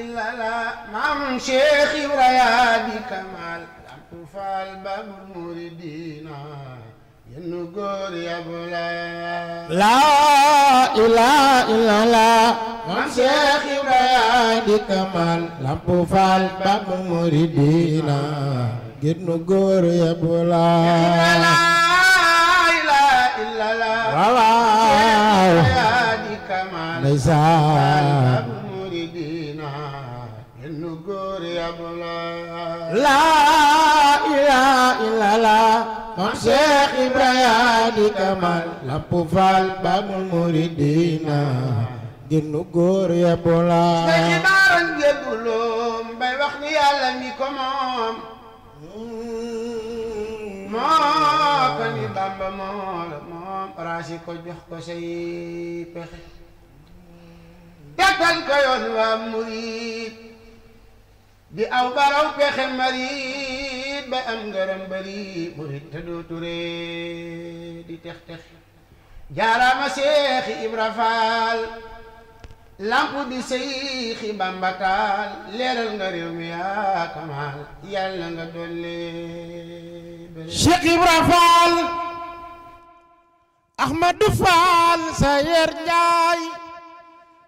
إلا لا مع شيخ إبراهيم كمال لم تفعل باب المريدين ينقر يا بلا لا إله إلا الله مع شيخ إبراهيم كمال لم تفعل باب المريدين ينقر يا بلا لا إله إلا الله واو ليس genn laa ilaa ilaa laa moom Seex Ibrahima di Kamal Lamp Fall Babul Muridina genn góor yàlla say xibaaran jébbaloom bay wax ni yàlla mi ko moom moo ko ni Bàmba moo moom raasi ko jox ko say pexe tegtal ko yoon waa murid di aw baraw pexe marit ba am ngërëm bari murit te doo ture di tex tex jaaraama seexi Ibra Faal lamp di seexi Bamba Taal leeral nga réew mi yaa kamaal yàlla nga dolli Cheikh Ibra Faal Ahmadou Faal Sayer Njaay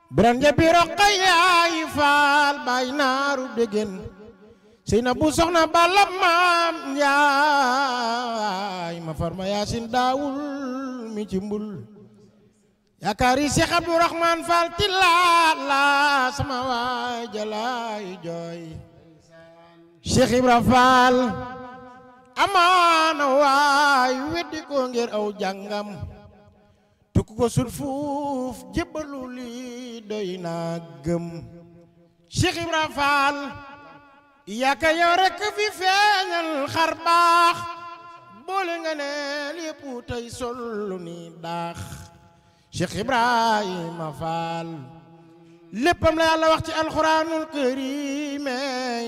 biran ja biiro qayaay faal baay naaru degen sey na bu soxna balla maam njaay ma farma yaasin daawul mi ci mbul yaakaari Seex Abdu Raxmaan Faal tillaat la sama waay jalaay jooy Seex Ibra Faal amaana waay weddi ko aw jàngam te ku ko sut fuuf jébbalu lii doy naa gëm Cheikh Ibra yaaka yow rekk fi feeñal xar baax boole nga neel yépp tey sollu ni daax Cheikh Ibrahima Fall léppam la yàlla wax ci alxuraanul kariimey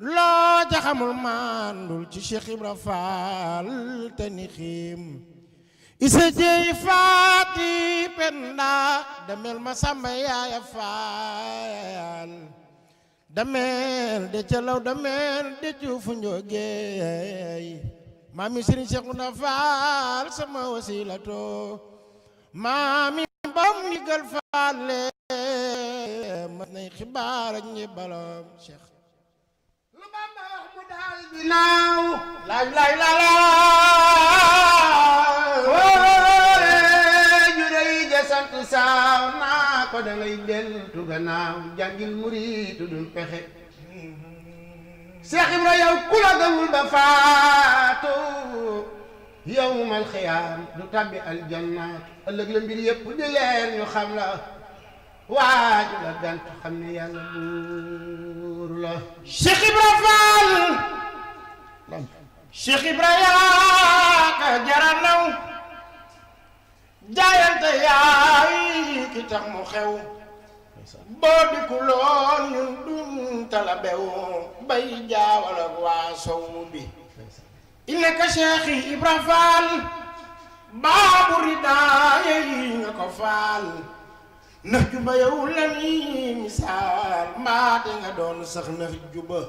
loo jaxamul maandul ci Cheikh Ibra te ni isa jeey faati penda damel ma samba yaaya faal damel de calaw damel de cuufu njogeey maami sëriñ Seexuna faal sama wasilato maami bam ndigal faal lee ma nay xibaar ak ñi balam Seex lu deltu gannaaw jàngil muriitu dul pexe Seex Ibra yow ku la gëmul ba faatu yawmal xiyaam du tàbbi aljannaat ëllëg la mbir yëpp di leer ñu xam la waaju la gant xam ne yàlla buur la Seex Ibra Faal Seex Ibra yaa ka jara naw jaayante yaay ki tax mu xew boo dikkuloon ñun dun tala bay jaawal waa sow bi innaka cheikhi ibra faal baabu ridaaye yi nga ko faal nax juba yow la ni misaal mbaate nga doon sax nax juba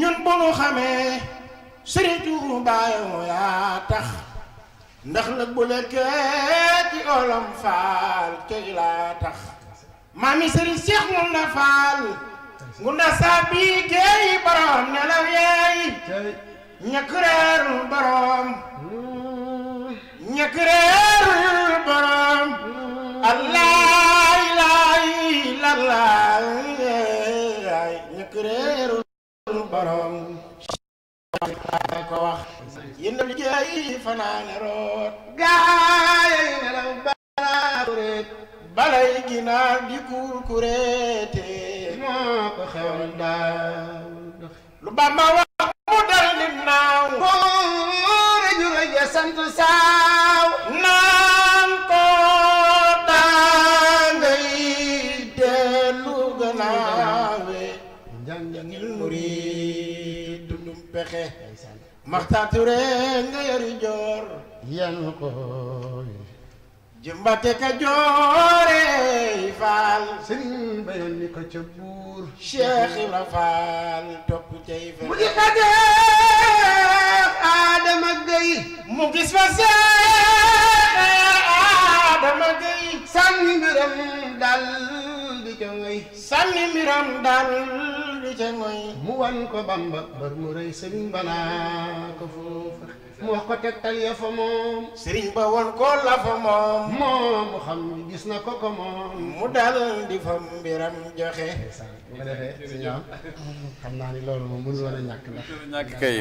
ñun bu nu xamee sëriñ Tuuba yow yaa tax ndax nag bu lekkee ci olam faal cey laa tax ma sëriñ Seex moom la faal saabi géey boroom nelaw yeey ñakk reerul boroom ñakk reerul boroom allah ilaah ilallah ñakk reerul boroom ko wax yéen liggéey fanaane root ginaar di kuur kuréete moo ko xewal daaw lu ba ma wax mu dal ni naaw moo rëju rëja sant murid dundum pexe maxtaatu nga yari joor yanu ko jëmbate ka joore faal sëriñ ba ko ca buur Cheikh Ibra Faal topp cay fa mu ngi xadeef Adama Gueye mu gis fa Adama Gueye sànni mbiram dal di ca ngoy sànni mbiram dal di ca ngoy mu wan ko Bamba bar mu rëy sëriñ banaa ko foofa moo wax ko tegtal ya fa moom. sëriñ ba won ko la fa moom. moom xam gis na ko ko moom. mu dal di fa mbiram joxe. si ñoom xam naa ni loolu moom mënu woon a ñàkk la. ñàkk kay.